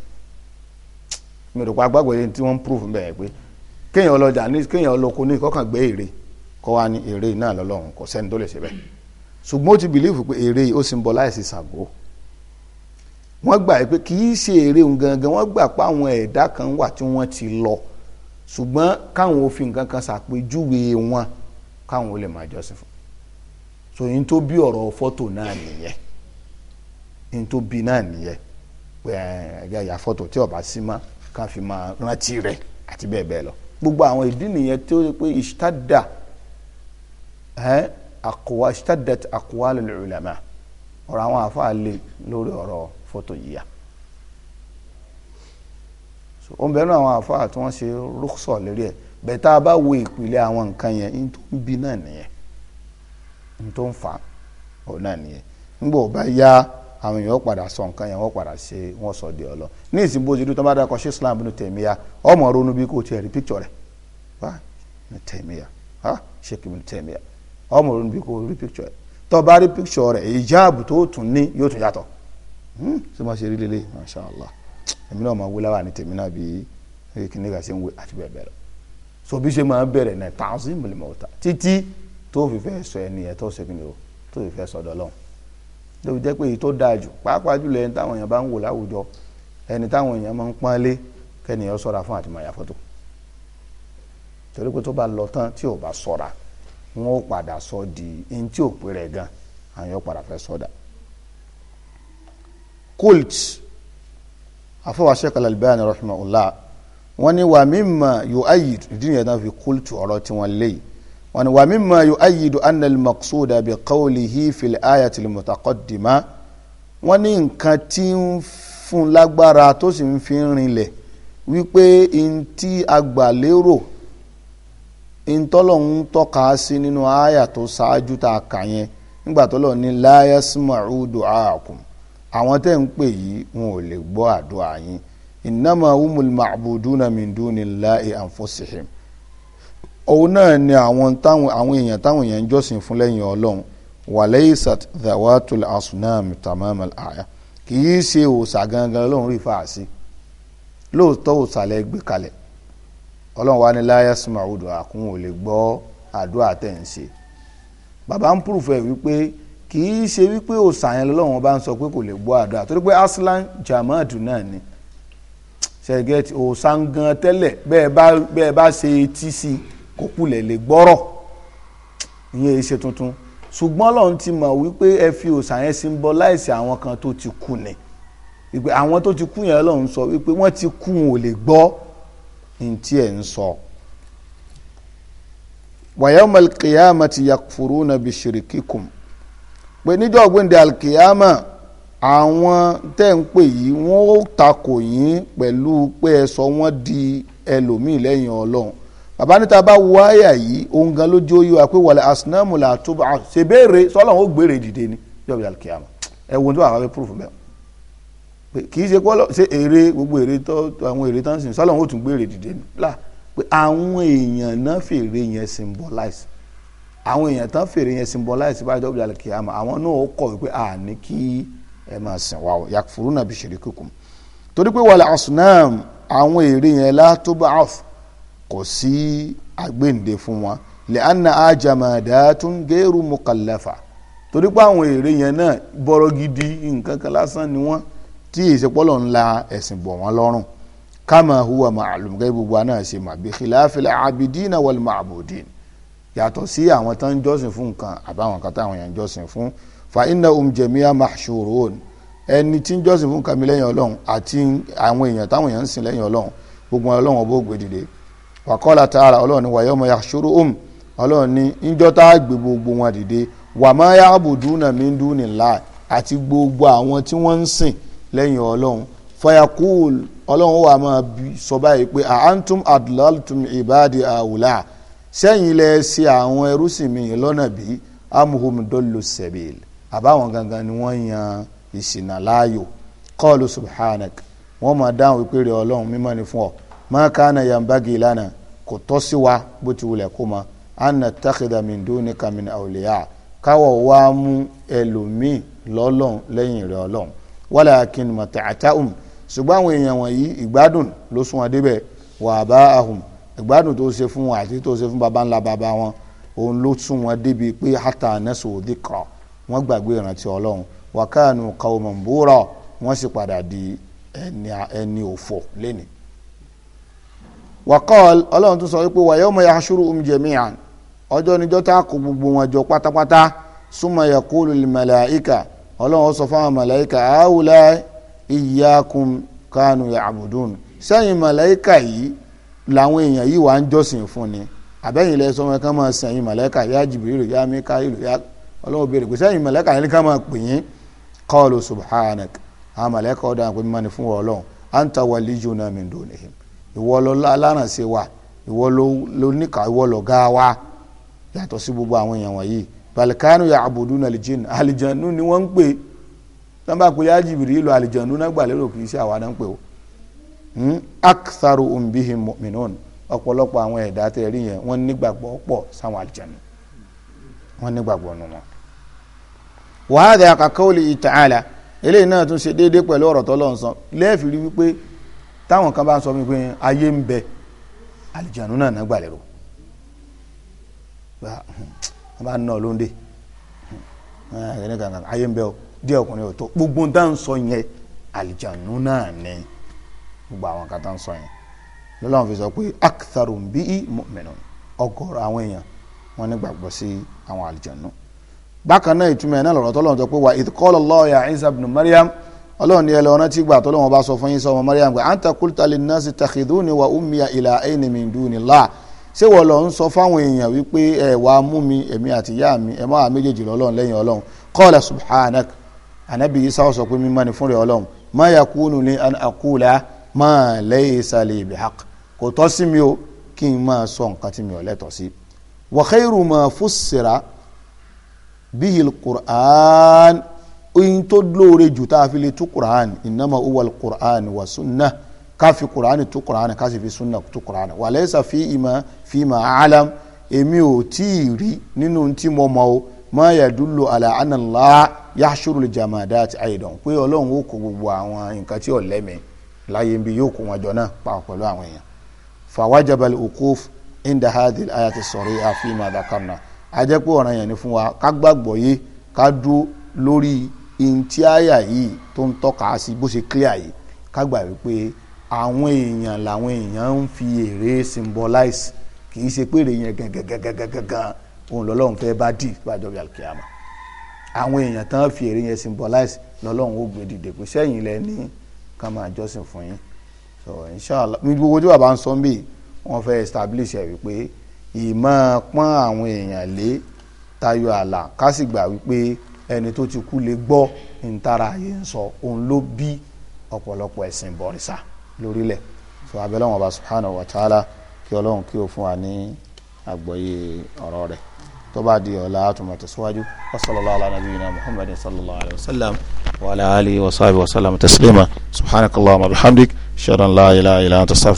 [SPEAKER 1] mi rò pa gbàgbọ́ yẹn tí wọ́n ń prove bẹ́ẹ̀ pé kéèyàn ọlọ́jà ní kéèyàn ọlọ́kọ ní kọ́kàn gbé èrè kọ́ wa ní èrè náà lọ́lọ́run kò sẹ́ni tó lè ṣe bẹ́ẹ̀ ṣùgbọ́n ó ti bìlífù pé èrè ó symbolize Ṣàngó wọ́n gbà pé kì í ṣe èrè òun gangan wọ́n gbà pé àwọn ẹ̀dá kan wà tí wọ́n ti lọ ṣùgbọ́n káwọn òfin nǹkan kan ṣàpèjúwe wọn káwọn ó lè máa jọ́sìn fún sòyìn tó bí ọ̀rọ̀ fọ́tò náà nìyẹn ní tó bí náà nìyẹn pé ẹ̀ẹ́dẹ́gbẹ̀yà fọ́tò tí ọba sí máa ká fi máa rántí rẹ̀ àti bẹ́ẹ̀ bẹ́ẹ̀ lọ gbogbo àwọn ìdí nìyẹn tó yẹ pé ìṣtádà ẹ́ àkùwá ìṣtádat àkùwá lil ulama ọ̀rọ̀ àwọn àfáà lè lórí ọ̀rọ̀ fọ́tò yíya ó ń bẹ nínú àwọn àfáà tí wọ́n ṣe rúkṣọ̀ lérí ẹ̀ bẹ́ẹ̀ tá a bá wo ìpìlẹ̀ àwọn nǹkan yẹn ní tó ń bi náà nìyẹn ní tó ń fà á náà nìyẹn nígbà ó àwọn èèyàn padà sọ nǹkan yẹn wọ́n padà ṣe wọ́n sọ di ọlọ ní ìsìn bó ṣe dúró tó bá dákọ ṣe islam bínú tẹ̀míyà ọmọ ronú bí kò tiẹ̀ rí píkítọ̀ rẹ̀ wá ní tẹ̀míyà ha ṣe kí bínú tẹ̀míyà ọmọ ronú bí kò rí píkítọ̀ rẹ̀ tó bá rí píkítọ̀ rẹ̀ ìjáàbù tó tún ní yóò tún yàtọ̀ hmm, ṣé máa ṣe rí lélẹ̀ masha allah èmi náà máa wé láwà ní tèmi náà bí kíní ká ṣe ń wé àti bẹ́ẹ̀ bẹ́ẹ̀ lọ so bí ṣe máa ni o tó fi fẹ́ sọ ló jẹ́ pé èyí tó dáa jù pàápàá jùlọ ẹni táwọn èèyàn bá ń wò láwùjọ ẹni táwọn èèyàn máa ń pọ́n lé kẹ́nìyàn sọ́ra fún àti máa ya fọ́tò torí pé tó bá lọ tán tí ò bá sọ́ra wọn ó padà sọ di ẹni tí ò pé rẹ̀ gan àwọn yóò padà fẹ́ sọ́dà. kult afọwọ́ Sheikh Al-Albani rahimahullah wọ́n wàmí mà yóò ayì ìdí nìyẹn náà fi kult ọ̀rọ̀ tiwọn léyìí wọn ni wà mimma yu'ayyidu anna al-maqsuda bi qawlihi fil ayati al-mutaqaddima wọ́n ní nǹkan tí ń fún lágbára tó sì ń fi rinlẹ̀ wípé n tí a gbà lérò n tọ́lọ̀ ń tọ́ka sí nínú àyà tó ṣáájú yẹn nígbà tọ́lọ̀ ní la yasma'u du'aakum àwọn tẹ́ ń pè yìí wọn ò lè gbọ́ àdúrà yín innama humul ma'buduna min dunillahi anfusihim òun náà ni àwọn táwọn àwọn èèyàn táwọn èèyàn ń jọ́sìn fún lẹ́yìn ọlọ́run walaysat dhawatul asnam tamam al aya kì í ṣe òòṣà gangan ọlọ́run rí fàásì lóòótọ́ òòṣà lẹ gbé kalẹ̀ ọlọ́run wa ni la yasma'u du'akum ò lè gbọ́ àdúrà tẹ̀ ń ṣe bàbá ń pùrùfẹ́ wípé kì í ṣe wípé òòṣà yẹn lọ́lọ́run bá ń sọ pé kò lè gbọ́ àdúrà torí pé aslan jamaadu náà ni ṣẹ̀gẹ́tì òòṣà gan tẹ́lẹ̀ bẹ́ẹ̀ bá ṣe etí sí i kó kulẹ̀ lè gbọ́rọ̀ ìyẹn ṣe tuntun ṣùgbọ́n Ọlọ́run ti mọ̀ wípé ẹ fi òòṣà yẹn symbolize àwọn kan tó ti kú ni ìpè àwọn tó ti kú yẹn Ọlọ́run sọ wípé wọ́n ti kú wọn ò lè gbọ́ ní tí ẹ̀ ń sọ. wa yawma al-qiyamati yakfuruna bi shirikikum pé níjọ́ gbẹ̀ndẹ̀ alkiyama àwọn tẹ́ ń pè yìí wọ́n ó takò yín pẹ̀lú pé ẹ sọ wọ́n di ẹlòmíì lẹ́yìn Ọlọ́run bàbá níta bá wo àyà yìí òun gan lójú ó yọ wa pé wàlẹ̀ asinamu là tó bá ṣe béèrè sọ́lọ́ ó gbére dìde ni yọ̀bí alikiyama ẹ wo ní wàá fẹ́ púrúfù mẹ́wàá kì í ṣe kọ́ ṣe èrè gbogbo èrè tó àwọn èrè tán sìn sọ́lọ́ ó tún gbére dìde ni là pé àwọn èèyàn náà fèrè yẹn symbolize àwọn èèyàn tán fèrè yẹn symbolize bá yọ̀bí alikiyama àwọn náà ó kọ̀ wípé à ní kí ẹ máa sìn wá o yàkùfùrù nàbì ṣèlékùkùn torí pé kò sí àgbéǹde fún wọn lẹ́ànà àjàmàdá tún gẹ́rù mọ̀kànlẹ́fà torí pé àwọn èrè yẹn náà bọ́rọ̀ gidi nǹkan kan lásán ni wọ́n tí ìsepọ́lọ̀ ńlá ẹ̀sìn bọ̀ wọ́n lọ́rùn kama huwa ma'alum gẹ́gẹ́ gbogbo àná ṣe mà bí khilafilẹ̀ abidina wal ma'budin yàtọ̀ sí àwọn tó jọ́sìn fún nǹkan àbáwọn kan táwọn yẹn jọ́sìn fún fa inna um jẹ̀míà ẹni tí ń jọ́sìn fún nǹkan ọlọ́run àti àwọn èèyàn táwọn yẹn ń sìn lẹ́yìn ọlọ́run gbogbo ọlọ́run ọbọ̀ gbèdìde wàkọ́lá tààrà ọlọ́run ní wàyọ́ um yàṣúrò òm ọlọ́run ní níjọ́ tá a gbé gbogbo wọn dìde wàmọ́ yàbùdú náà mi ń dún nílá àti gbogbo àwọn tí wọ́n ń sìn lẹ́yìn ọlọ́run fayakul ọlọ́run wà máa sọ báyìí pé àhántùm adlaltum ìbáàdì àwùlà sẹ́yìn lẹ ṣe àwọn ẹrúsìn mi lọ́nà bí amuhum dọ́lù sẹ̀bìl àbáwọn gangan ni wọ́n yan ìṣìnà láàyò kọ́ọ̀lù subhanak wọ́n máa dáhùn wípé rẹ̀ ọlọ́run mímọ́ ni fún ọ máa kánà yambagi lánàá kò tọ́ sí wa bó ti wulẹ̀ kó mọ anna takida min dunika min awliya káwọ̀ wá mú ẹlòmíì lọ́lọ́n lẹ́yìn rẹ̀ ọlọ́n walakin mata'atahum ṣùgbọ́n àwọn èèyàn wọ̀nyí ìgbádùn ló sún wọn débẹ̀ wa aba'ahum ìgbádùn tó ṣe fún wọn àti tó ṣe fún baba ńlá baba wọn òun ló sún wọn débi pé hata anasu dhikra wọn gbàgbé ìrántí ọlọ́run wa kanu qawman bura wọn sì padà di ẹni òfò lẹ́nìí wakọ́l ọlọ́run tún sọ wípé wa yawma yahshuruhum jami'an ọjọ́ níjọ́ tá a kó gbogbo wọn jọ pátápátá summa yaqulu lil malaika ọlọ́run sọ fáwọn màláìka àwùlá iyyakum kanu ya'budun sẹ́yìn màláìka yìí làwọn èèyàn yìí wà ń jọ́sìn fún ni àbẹ́yìn ilẹ̀ sọmọ kan máa sìn ẹ̀yìn màláìka yá jìbìrìlù yá míkáìlù yá ọlọ́run ìwọ ló alárànṣe wa ìwọ ló níkà ìwọ wa yàtọ̀ sí gbogbo àwọn èèyàn wọ̀nyí ya abudu na alijanu ni wọn ń pè yá jìbìrì ìlú alijanu náà gbà lérò ṣe àwa náà ń pè o hmm? ọ̀pọ̀lọpọ̀ àwọn ẹ̀dá tẹ̀ rí yẹn wọ́n alijanu wọ́n nígbàgbọ́ nù wọn. wàhálà eléyìí náà tún ṣe déédéé pẹ̀lú táwọn kan bá ń sọ mi pé ayé ń bẹ àlìjànú náà náà gbàlérò bá a bá ná lóńdè ah, ayé ń bẹ o díẹ̀ ọkùnrin ò tó gbogbo dá ń sọ yẹn àlìjànú náà ni gbogbo àwọn kan tá ń sọ yẹn lọ́lọ́run fi sọ pé aktharun bihi mu'minun ọ̀gọ̀rọ̀ àwọn èèyàn wọn nígbàgbọ́ sí àwọn àlìjànú bákan náà ìtumọ̀ ẹ̀ náà lọ̀rọ̀ tọ́lọ́run sọ pé wà idh qala Allah ya Isa ibn Maryam ọlọ́run ni ẹ lọ rántí gbà tọ́lọ́run bá sọ fún yín sọmọ mariam pé anta qulta linnasi takhiduni wa ummiya ilahaini min dunillah ṣé wọ́n lọ ń sọ fáwọn èèyàn wípé ẹ wàá mú mi èmi àti ìyá mi ẹ máa méjèèjì lọ́lọ́run lẹ́yìn ọlọ́run qala subhanak anabi isa sọ pé mímọ́ ni fúnra ọlọ́run ma yakunu li an aqula ma laysa li bihaq kò tọ́ sí mi o kí n máa sọ nǹkan tí mi ò lẹ́tọ̀ọ́ sí wa oyin tó lóore jù tá a fi lè tú quran innama uwal quran wa sunna ká fi quran tú quran ká sì fi sunna tú quran wà lẹ́sà fi ìmọ̀ fi ìmọ̀ alam èmi ò tí ì rí nínú tí mo mọ̀ o ma yadullu ala anna Allah yahshurul jamadati aidan pé ọlọ́run ó kó gbogbo àwọn nǹkan tí ò lẹ́mìí láyé bi yóò kó wọn jọ náà pa pẹ̀lú àwọn èèyàn fawajabal ukuf inda hadhihi ayati sariha fi ma dhakarna ajẹ́pẹ́ ọ̀ràn yẹn ni fún wa ká gbàgbọ́ yé ká dúró lórí ntí àyà yìí tó ń tọ́ka sí bó ṣe clear yìí ká gbà wípé àwọn èèyàn làwọn èèyàn ń fi èrè symbolize kì í ṣe pé èrè yẹn gangan òun lọ́lọ́run fẹ́ bá dì bàjọ́ bí alkiyama àwọn èèyàn tán fi èrè yẹn symbolize lọ́lọ́run ó gbé dìde pé sẹ́yìn lẹ ní ká máa jọ́sìn fún yín so inshallah mi gbogbo tí bàbá ń sọ bí wọ́n fẹ́ establish ẹ̀ wípé ìmọ̀ pọ́n àwọn èèyàn lé tayọ ààlà ká sì gbà wípé ẹni tó ti kú lè gbọ́ ntara yìí ń sọ òun ló bí ọ̀pọ̀lọpọ̀ ẹ̀sìn bọ̀rìṣà lórílẹ̀ so abẹ́lẹ́ wọn bá subhanahu wa ta'ala kí ọlọ́run kí o fún wa ní àgbọ́yé ọ̀rọ̀ rẹ̀ tó bá di ọ̀la àtúmọ̀ tẹ̀síwájú wa sallallahu ala nabiyyina muhammadin sallallahu alayhi wa sallam wa ala alihi wa sahbihi wa sallam taslima subhanakallahumma wa bihamdik shadan la ilaha illa anta